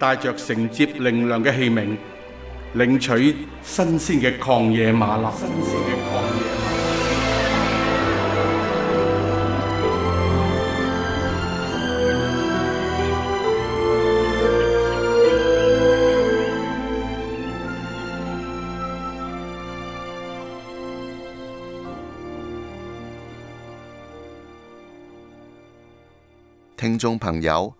帶着承接靈糧嘅器皿，領取新鮮嘅曠野嗎哪。馬聽眾朋友，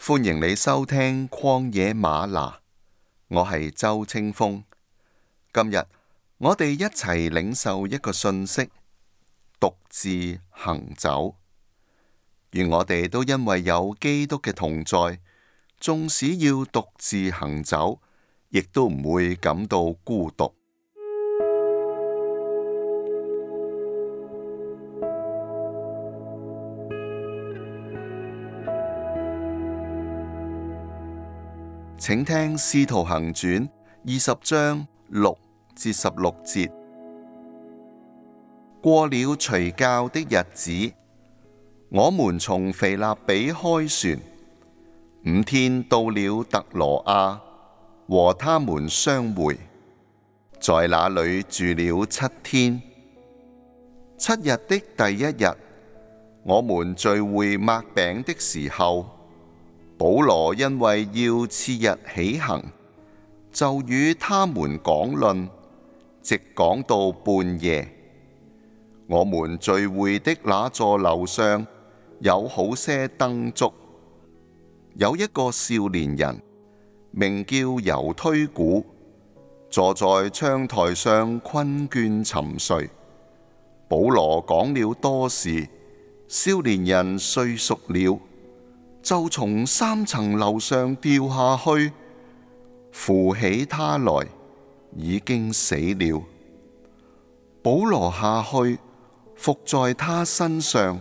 歡迎你收聽曠野嗎哪，我係周清風。今日我哋一齊領受一個信息：獨自行走。願我哋都因為有基督嘅同在，縱使要獨自行走，亦都唔會感到孤獨。請聽《使徒行傳》二十章六至十六節。過了除酵的日子，我們從腓立比開船五天，到了特羅亞，和他們相會，在那裡住了七天。七日的第一日，我們聚會擘餅的時候。保羅因為要次日起行，就與他們講論，直講到半夜。我們聚會的那座樓上有好些燈燭，有一個少年人名叫猶推古，坐在窗台上困倦沉睡。保羅講了多時，少年人睡熟了。就從三層樓上掉下去，扶起他來，已經死了。保羅下去伏在他身上，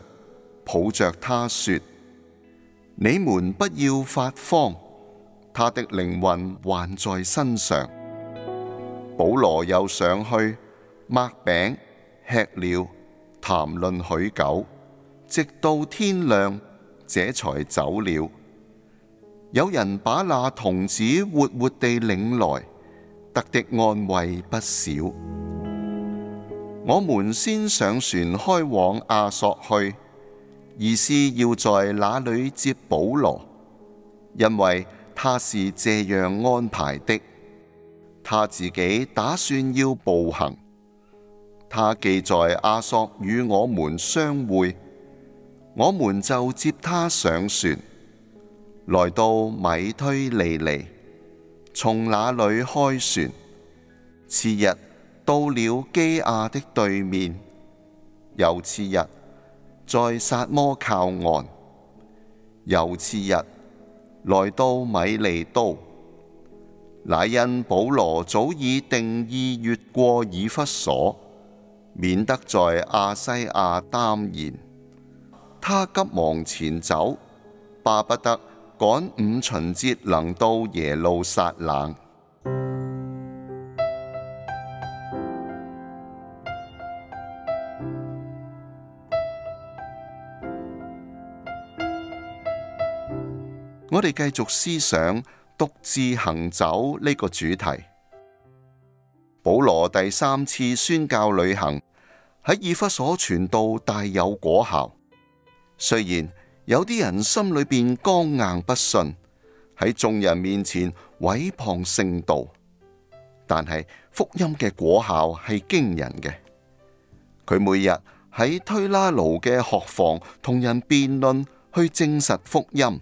抱着他說：你們不要發慌，他的靈魂還在身上。保羅又上去擘餅吃了，談論許久，直到天亮。這才走了。有人把那童子活活地領來，得的安慰不小。我們先上船，開往亞索去，而是要在那裏接保羅，因為他是這樣安排的。他自己打算要步行。他既在阿索與我們相會。我們就接他上船，來到米推利尼，從那裏開船。次日到了基亞的對面，又次日在撒摩靠岸，又次日來到米利都。乃因保羅早已定意越過以弗所，免得在亞西亞耽延。他急忙前走，巴不得趕五旬節能到耶路撒冷。 我哋繼續思想獨自行走呢、這個主題。保羅第三次宣教旅行喺以弗所傳道，大有果效。雖然有啲人心裏邊剛硬不信，喺眾人面前毀謗聖道，但係福音嘅果效係驚人嘅。佢每日喺推喇奴嘅學房同人辯論，去證實福音。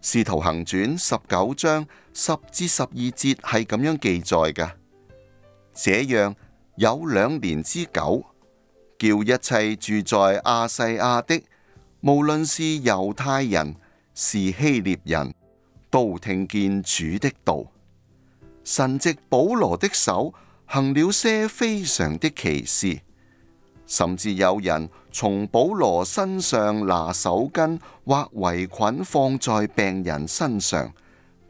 使徒行傳十九章十至十二節係咁樣記載嘅。這樣有兩年之久，叫一切住在亞細亞的。無論是猶太人是希臘人，都聽見主的道。神藉保羅的手行了些非常的奇事，甚至有人從保羅身上拿手巾，或圍裙放在病人身上，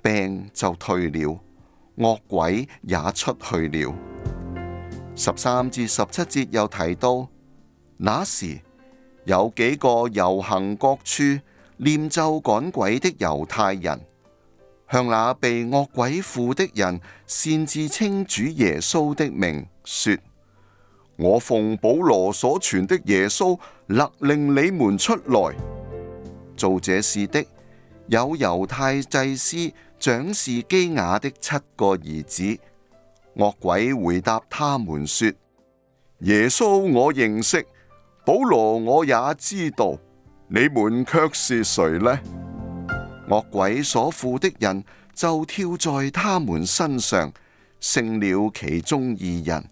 病就退了，惡鬼也出去了。十三至十七節又提到，那時，有幾個遊行各處念咒趕鬼的猶太人，向那被惡鬼附的人，擅自稱主耶穌的名，說：我奉保羅所傳的耶穌，勒令你們出來。做這事的，有猶太祭司長士基瓦的七個兒子。惡鬼回答他們說：耶穌，我認識。保羅，我也知道你們卻是誰呢？惡鬼所附的人就跳在他們身上，勝了其中二人，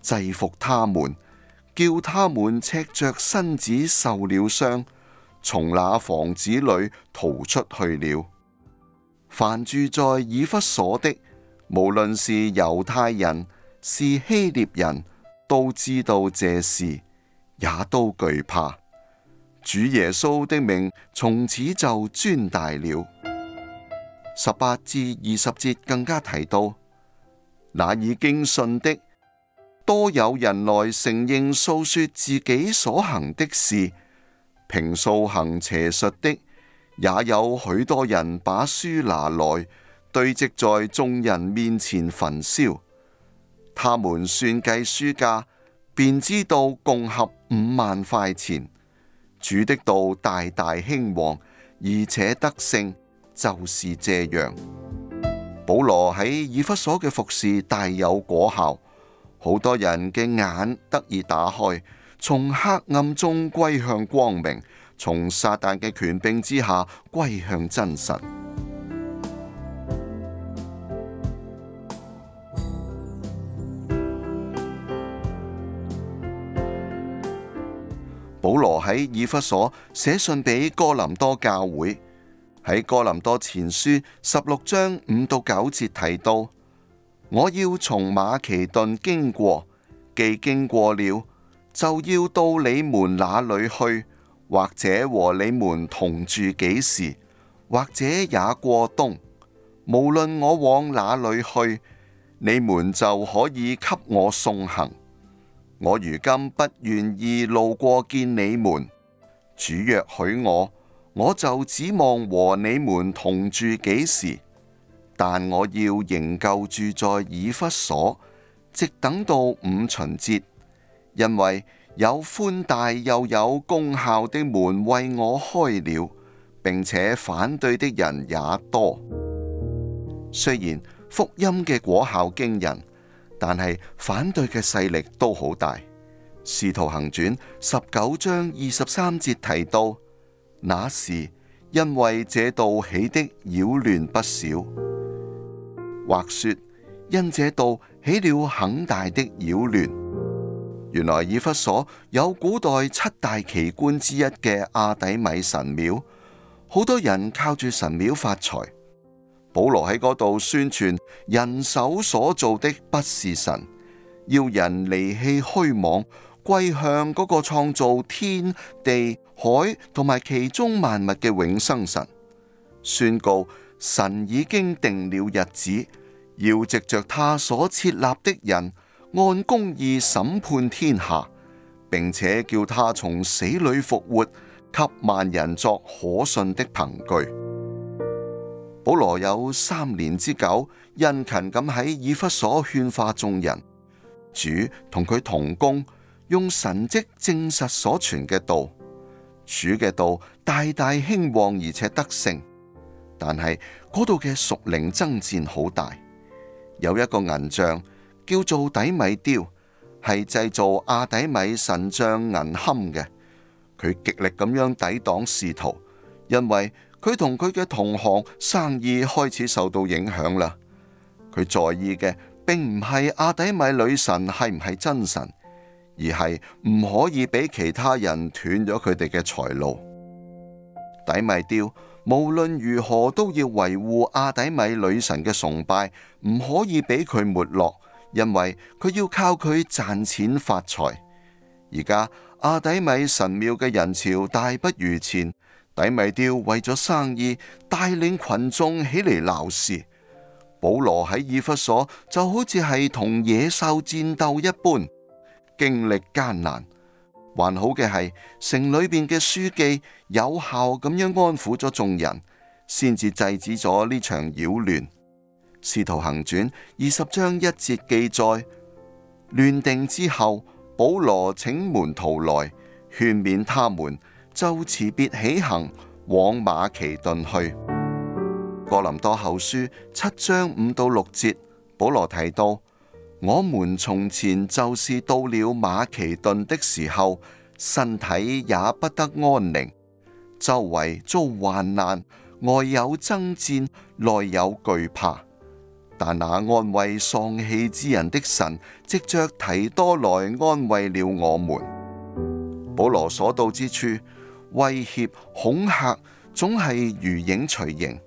制服他們，叫他們赤着身子受了傷，從那房子裏逃出去了。凡住在以弗所的，無論是猶太人是希臘人都知道這事。也都懼怕，主耶穌的名從此就尊大了。十八至二十節更加提到，那已經信的多有人來承認訴說自己所行的事，平素行邪術的也有許多人把書拿來堆積在眾人面前焚燒，他們算計書價。便知道共合五萬塊錢，主的道大大興旺，而且得勝，就是這樣。保羅喺以弗所嘅服侍大有果效，好多人嘅眼得以打開，從黑暗中歸向光明，從撒旦嘅權柄之下歸向真神。喺以弗所寫信俾哥林多教會，喺哥林多前書十六章五到九節提到：我要從馬其頓經過，既經過了，就要到你們那裏去，或者和你們同住幾時，或者也過冬。無論我往哪裏去，你們就可以給我送行。我如今不願意路過見你們，主若許我，我就指望和你們同住幾時。但我要仍舊住在以弗所，直等到五旬節，因為有寬大又有功效的門為我開了，並且反對的人也多。雖然福音嘅果效驚人。但係反對嘅勢力都好大。《使徒行傳》十九章二十三節提到，那時因為這道起的擾亂不少，或說因這道起了很大的擾亂。原來以弗所有古代七大奇觀之一嘅阿底米神廟，好多人靠住神廟發財。保羅喺嗰度宣傳人手所做的不是神，要人離棄虛妄，歸向嗰個創造天地海同埋其中萬物嘅永生神。宣告神已經定了日子，要藉着他所設立的人，按公義審判天下，並且叫他從死裏復活，給萬人作可信的憑據。保羅有三年之久，殷勤咁喺以弗所勸化眾人。主同佢同工，用神蹟證實所傳嘅道。主嘅道大大興旺而且得勝，但係嗰度嘅屬靈爭戰好大。有一個銀像叫做底米雕，係製造阿底米神像銀龕嘅，佢極力咁樣抵擋仕途，因為，佢同佢嘅同行生意開始受到影響啦。佢在意嘅並唔係阿底米女神係唔係真神，而係唔可以俾其他人斷咗佢哋嘅財路。底米丟無論如何都要維護阿底米女神嘅崇拜，唔可以俾佢沒落，因為佢要靠佢賺錢發財。而家阿底米神廟嘅人潮大不如前。使咪雕為咗生意帶領群眾起嚟鬧事，保羅喺以弗所就好似係同野獸戰鬥一般，經歷艱難。還好嘅係城裏邊嘅書記有效咁樣安撫咗眾人，先至制止咗呢場擾亂。使徒行傳二十章一節記載，亂定之後，保羅請門徒來勸勉他們。就辭別起行，往馬其頓去。哥林多後書七章五到六節，保羅提到：我們從前就是到了馬其頓的時候，身體也不得安寧，周圍遭患難，外有爭戰，內有懼怕。但那安慰喪氣之人的神，藉着提多來安慰了我們。保羅所到之處，威脅恐吓總係如影隨形，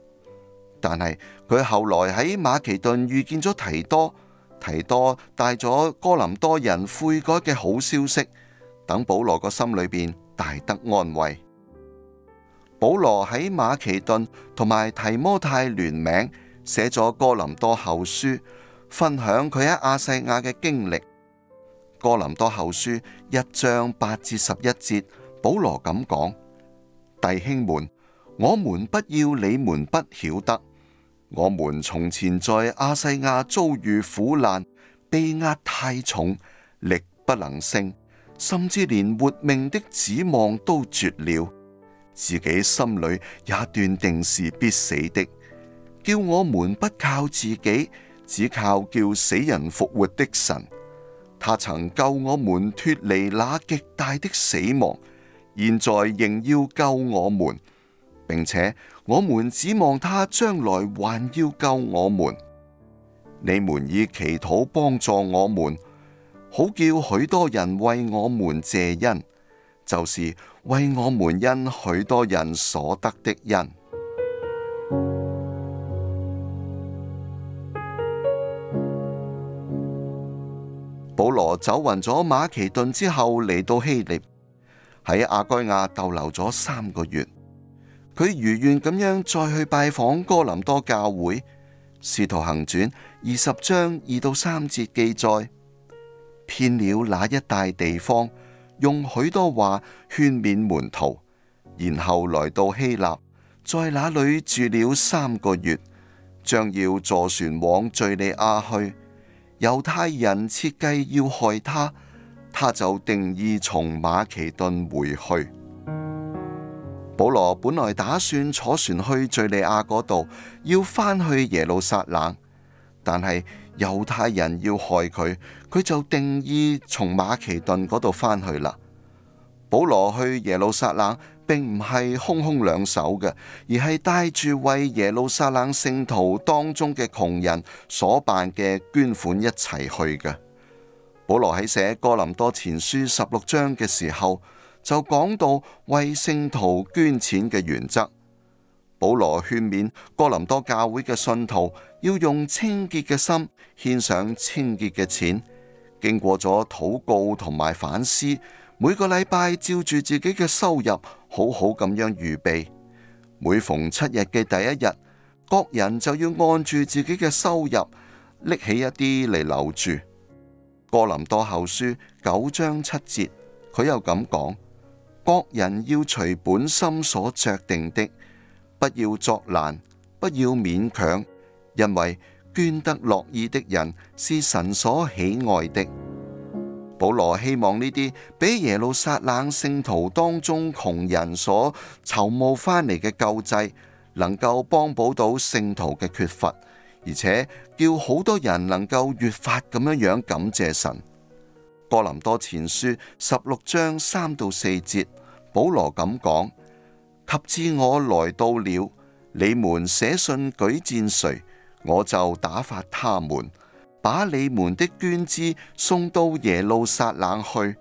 但係佢後來喺馬其頓遇見咗提多，提多帶咗哥林多人悔改嘅好消息，等保羅個心裏邊大得安慰。保羅喺馬其頓同埋提摩太聯名寫咗哥林多後書，分享佢喺亞西亞嘅經歷。哥林多後書一章八至十一節。保羅咁講，弟兄們，我們不要你們不曉得，我們從前在亞西亞遭遇苦難，被壓太重，力不能勝，甚至連活命的指望都絕了，自己心裏也斷定是必死的。叫我們不靠自己，只靠叫死人復活的神，他曾救我們脫離那極大的死亡。現在仍要救我們，並且我們指望他將來還要救我們。你們以祈禱幫助我們，好叫許多人為我們謝恩，就是為我們因許多人所得的恩。 保羅走勻咗馬其頓之後，嚟到希臘。喺亞該亞逗留咗三個月，佢如願咁樣再去拜訪哥林多教會。使徒行傳二十章二到三節記載，遍了那一帶地方，用許多話勸勉門徒，然後來到希臘，在那裏住了三個月，將要坐船往敘利亞去。猶太人設計要害他。他就定意從馬其頓回去。保羅本來打算坐船去敘利亞嗰度，要翻去耶路撒冷，但係猶太人要害佢，佢就定意從馬其頓嗰度翻去啦。保羅去耶路撒冷，並唔係空空兩手嘅，而係帶住為耶路撒冷聖徒當中嘅窮人所辦嘅捐款一齊去嘅。保羅喺寫哥林多前書十六章嘅時候，就講到為聖徒捐錢嘅原則。保羅勸勉哥林多教會嘅信徒要用清潔嘅心獻上清潔嘅錢，經過咗禱告同埋反思，每個禮拜照住自己嘅收入好好咁樣預備。每逢七日嘅第一日，各人就要按住自己嘅收入拎起一啲嚟留住。哥林多後書九章七節，佢又咁講：各人要隨本心所酌定的，不要作難，不要勉強，因為捐得樂意的人是神所喜愛的。保羅希望呢啲俾耶路撒冷聖徒當中窮人所籌募翻嚟嘅救濟，能夠幫補到聖徒嘅缺乏。而且叫好多人能夠越發咁樣樣感謝神。哥林多前書十六章三到四節，保羅咁講：及至我來到了，你們寫信舉薦誰，我就打發他們把你們的捐資送到耶路撒冷去。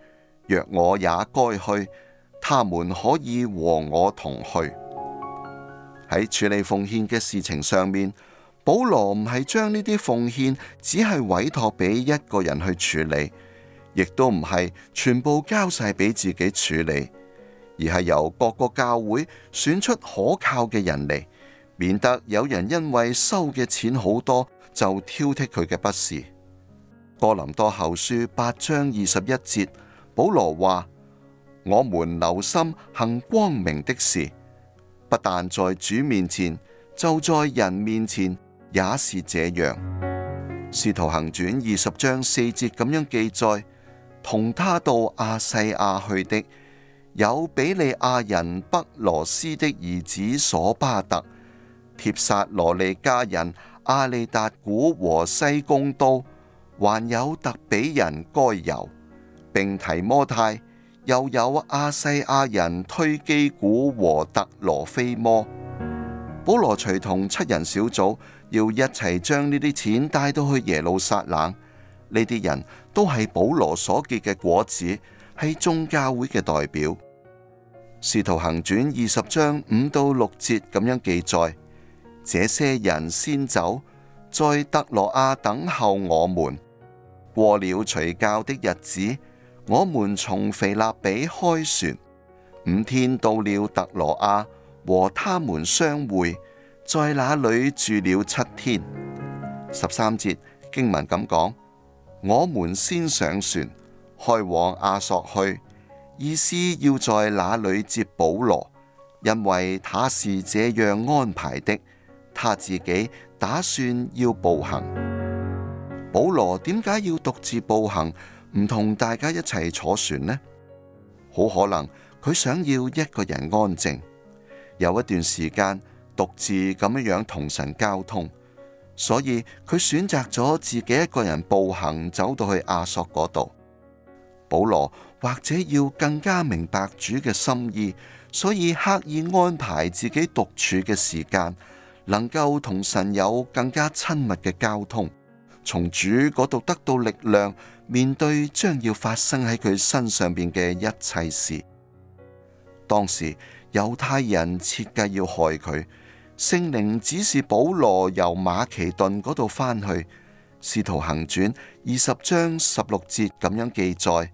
若我也該去，他們可以和我同去。喺處理奉獻嘅事情上面。保羅唔係將呢啲奉獻只係委託俾一個人去處理，亦都唔係全部交晒俾自己處理，而係由各個教會選出可靠嘅人嚟，免得有人因為收嘅錢好多，就挑剔佢嘅不是。哥林多後書八章二十一節，保羅話：我們留心行光明的事，不但在主面前，就在人面前。也是這樣，《使徒行傳》二十章四節咁樣記載，同他到亞細亞去的有比利亞人北羅斯的兒子索巴特、帖撒羅尼迦人阿利達古和西公都，還有特比人該猶並提摩太，又有亞細亞人推基古和特羅菲摩。保羅隨同七人小組，要一齊將呢啲錢帶到去耶路撒冷。呢啲人都係保羅所結嘅果子，係宗教會嘅代表。使徒行傳二十章五到六節咁樣記載：這些人先走，在特羅亞等候我們。過了除酵的日子，我們從腓立比開船，五天到了特羅亞。和他們相會，在那裏住了七天。十三節經文咁講：我們先上船開往阿索去，意思要在那裏接保羅，因為他是這樣安排的。他自己打算要步行。保羅點解要獨自步行，唔同大家一齊坐船呢？好可能佢想要一個人安靜。有一段時間獨自咁樣同神交通，所以佢選擇咗自己一個人步行走到去阿索嗰度。保羅或者要更加明白主嘅心意，所以刻意安排自己獨處嘅時間，能夠同神有更加親密嘅交通，從主嗰度得到力量，面對將要發生喺佢身上邊嘅一切事。當時。猶太人設計要害佢，聖靈指示保羅由馬其頓嗰度返去，使徒行傳二十章十六節咁樣記載，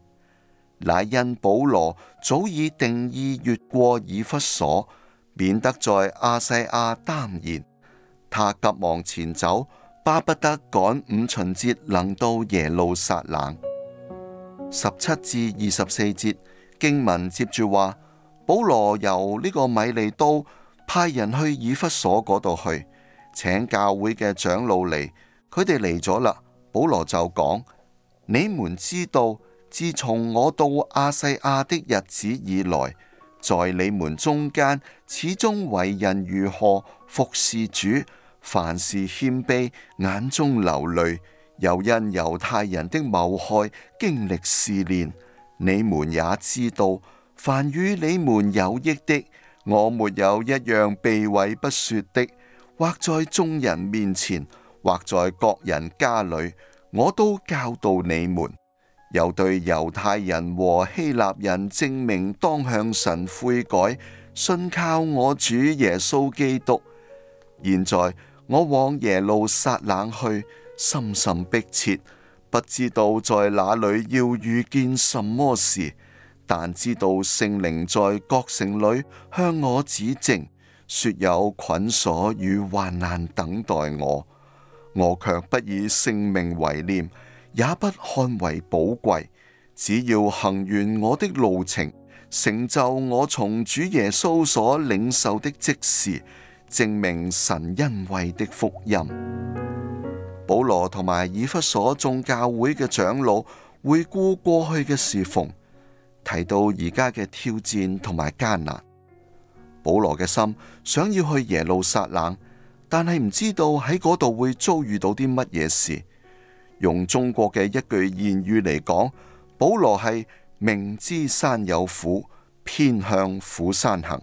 乃因保羅早已定意越過以弗所，免得在亞細亞耽延。他急忙前走，巴不得趕五旬節能到耶路撒冷。十七至二十四節經文接住話。保羅由呢個米利都派人去以弗所嗰度去，請教會嘅長老嚟，佢哋嚟咗啦。保羅就講：你們知道，自從我到亞西亞的日子以來，在你們中間始終為人如何服侍主，凡事謙卑，眼中流淚，又因猶太人的謀害經歷試煉，你們也知道。凡與你們有益的，我沒有一樣避諱不說的；或在眾人面前，或在各人家裏，我都教導你們。又對猶太人和希臘人證明，當向神悔改，信靠我主耶穌基督。現在我往耶路撒冷去，心甚迫切，不知道在哪裏要遇見什麼事。但知道聖靈在各城裡向我指證，說有捆鎖與患難等待我，我卻不以性命為念，也不看為寶貴，只要行完我的路程，成就我從主耶穌所領受的職事，證明神恩惠的福音。保羅同埋以弗所眾教會嘅長老回顧過去嘅事奉。提到而家嘅挑戰同埋艱難，保羅嘅心想要去耶路撒冷，但係唔知道喺嗰度會遭遇到啲乜嘢事。用中國嘅一句諺語嚟講，保羅係明知山有虎，偏向虎山行。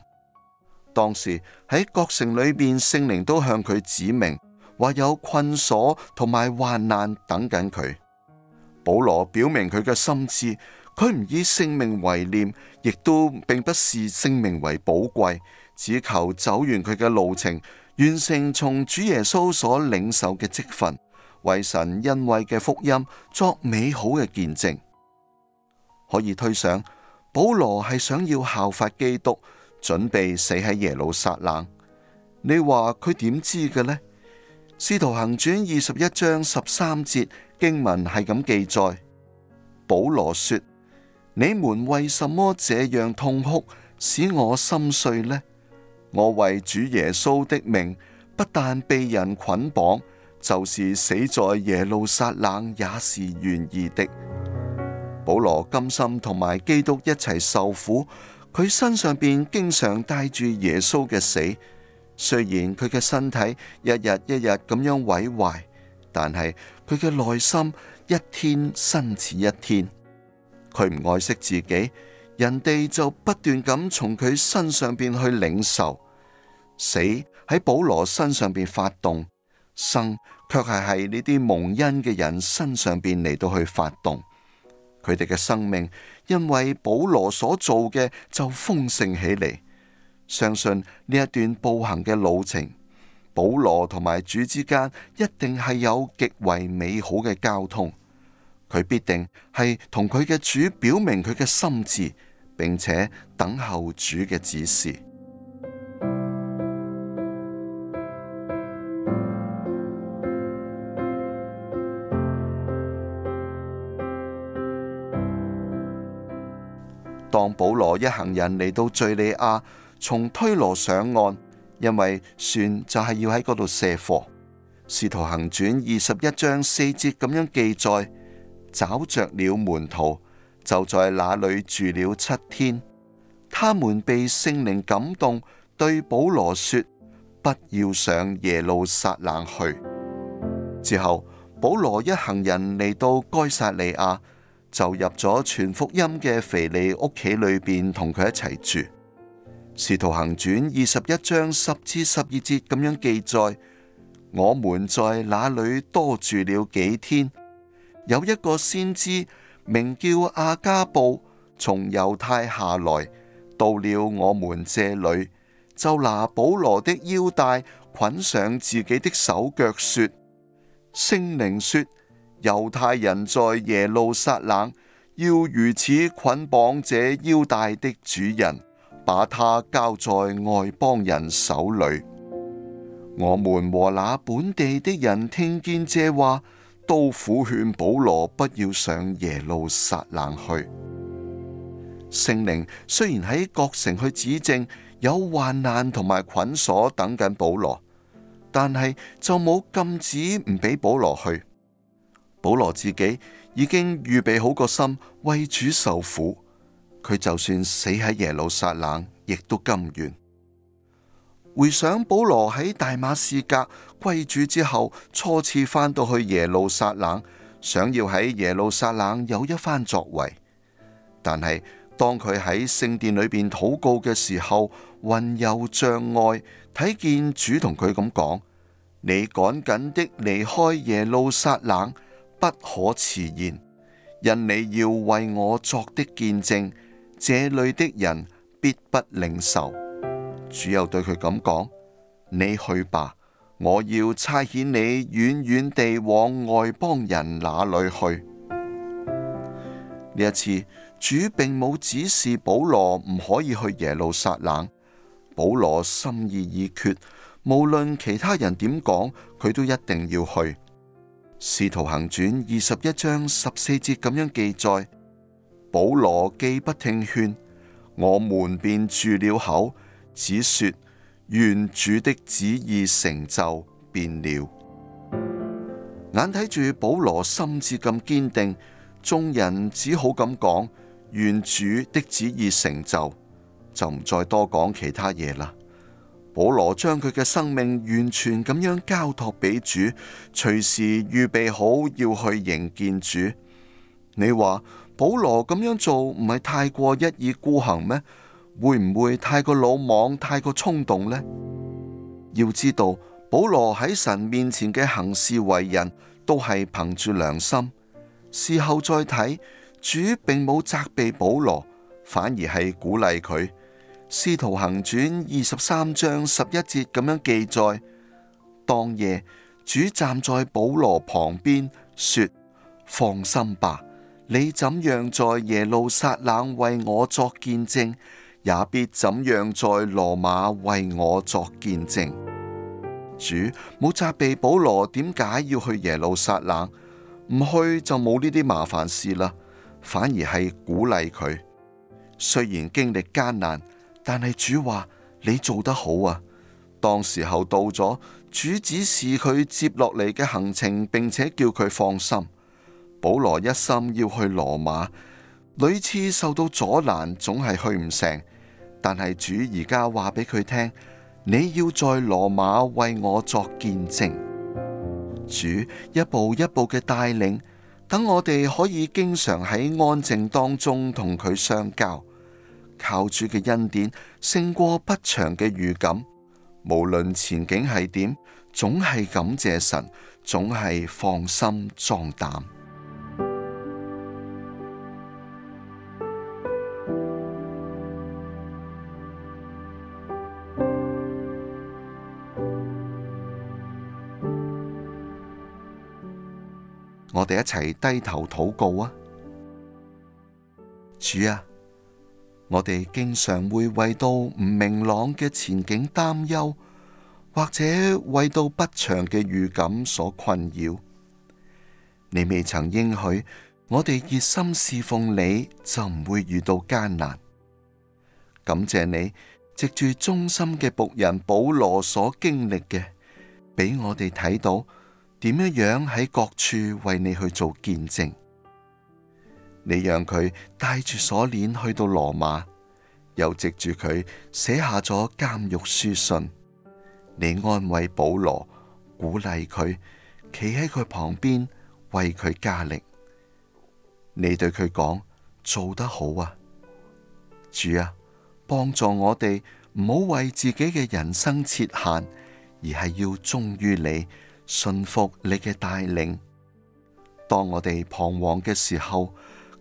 當時喺各城裏邊，聖靈都向佢指明，話有困鎖同埋患難等緊佢。保羅表明佢嘅心智。佢唔以性命為念，亦都並不視性命為寶貴，只求走完佢嘅路程，完成從主耶穌所領受嘅職分，為神恩惠嘅福音作美好嘅見證。可以推想，保羅係想要效法基督，準備死喺耶路撒冷。你話佢點知嘅呢？使徒行傳二十一章十三節經文係咁記載，保羅說。你們為什麼這樣痛哭，使我心碎呢？我為主耶穌的名，不但被人捆綁，就是死在耶路撒冷也是願意的。保羅甘心同埋基督一齊受苦，佢身上邊經常帶住耶穌嘅死，雖然佢嘅身體一日一日咁樣毀壞，但係佢嘅內心一天新似一天。佢唔愛惜自己，人哋就不斷咁從佢身上邊去領受。死喺保羅身上邊發動，生卻係喺呢啲蒙恩嘅人身上邊嚟到去發動，佢哋嘅生命因為保羅所做嘅就豐盛起嚟。相信呢一段步行嘅路程，保羅同埋主之間一定係有極為美好嘅交通。佢必定係同佢嘅主表明佢嘅心智，並且等候主嘅指示。當保羅一行人嚟到敘利亞，從推羅上岸，因為船就係要喺嗰度卸貨。使徒行傳二十一章四節咁樣記載。找着了門徒，就在那裏住了七天。他們被聖靈感動，對保羅說：不要上耶路撒冷去。之後，保羅一行人嚟到該撒利亞，就入咗傳福音嘅腓利屋企裏邊，同佢一齊住。使徒行傳二十一章十至十二節咁樣記載：我們在那裏多住了幾天。有一個先知名叫亞迦布，從猶太下來到了我們這裏，就拿保羅的腰帶捆上自己的手腳，說：聖靈說，猶太人在耶路撒冷要如此捆綁這腰帶的主人，把他交在外邦人手裏。我們和那本地的人聽見這話。都苦勸保羅不要上耶路撒冷去。聖靈雖然喺各城去指證有患難同埋捆鎖等緊保羅，但係就冇禁止唔俾保羅去。保羅自己已經預備好個心為主受苦，佢就算死喺耶路撒冷，亦都甘願。回想保羅喺大馬士革歸主之後，初次返到去耶路撒冷，想要喺耶路撒冷有一番作為，但係當佢喺聖殿裏邊禱告嘅時候，魂遊象外，睇見主同佢咁講：「你趕緊的離開耶路撒冷，不可遲延，因你要為我作的見證，這裏的人必不領受。主又對佢咁講：你去吧，我要差遣你遠遠地往外邦人那裏去。呢一次主並冇指示保羅唔可以去耶路撒冷，保羅心意已決，無論其他人點講，佢都一定要去。使徒行傳二十一章十四節咁樣記載：，保羅既不聽勸，我們便住了口。只說願主的旨意成就便了，眼睇住保羅心志咁堅定，眾人只好咁講：願主的旨意成就，就唔再多講其他嘢啦。保羅將佢嘅生命完全咁樣交託俾主，隨時預備好要去迎見主。你話保羅咁樣做唔係太過一意孤行咩？會唔會太過魯莽、太過衝動呢？要知道保羅喺神面前嘅行事為人，都係憑住良心。事後再睇，主並冇責備保羅，反而係鼓勵佢。《使徒行傳》二十三章十一節咁樣記載：當夜，主站在保羅旁邊，說：放心吧，你怎樣在耶路撒冷為我作見證。也必怎樣在羅馬為我作見證，主冇責備保羅，點解要去耶路撒冷？唔去就冇呢啲麻煩事啦，反而係鼓勵佢。雖然經歷艱難，但係主話你做得好啊！當時候到咗，主指示佢接落嚟嘅行程，並且叫佢放心。保羅一心要去羅馬，屢次受到阻攔，總係去唔成。但係主而家話俾佢聽，你要在羅馬為我作見證。主一步一步嘅帶領，等我哋可以經常喺安靜當中同佢相交，靠主嘅恩典勝過不祥嘅預感。無論前景係點，總係感謝神，總係放心壯膽。我哋一齊低頭禱告啊！主啊，我哋經常會為到唔明朗嘅前景擔憂，或者為到不祥嘅預感所困擾。你未曾應許我哋熱心侍奉你，就唔會遇到艱難。感謝你，藉住忠心嘅僕人保羅所經歷嘅，俾我哋睇到。點樣樣喺各處為你去做見證？你讓佢帶住鎖鏈去到羅馬，又藉住佢寫下咗監獄書信。你安慰保羅，鼓勵佢，企喺佢旁邊為佢加力。你對佢講，做得好啊！主啊，幫助我哋唔好為自己嘅人生設限，而係要忠於你。順服你嘅帶領，當我哋彷徨嘅時候，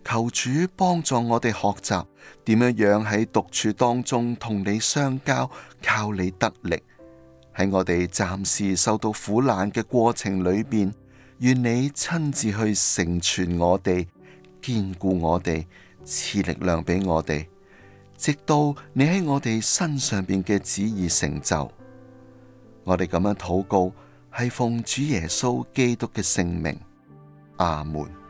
求主幫助我哋學習點樣樣喺獨處當中同你相交，靠你得力。喺我哋暫時受到苦難嘅過程裏邊，願你親自去成全我哋，堅固我哋，賜力量俾我哋，直到你喺我哋身上邊嘅旨意成就。我哋咁樣禱告。係奉主耶穌基督嘅聖名，阿門。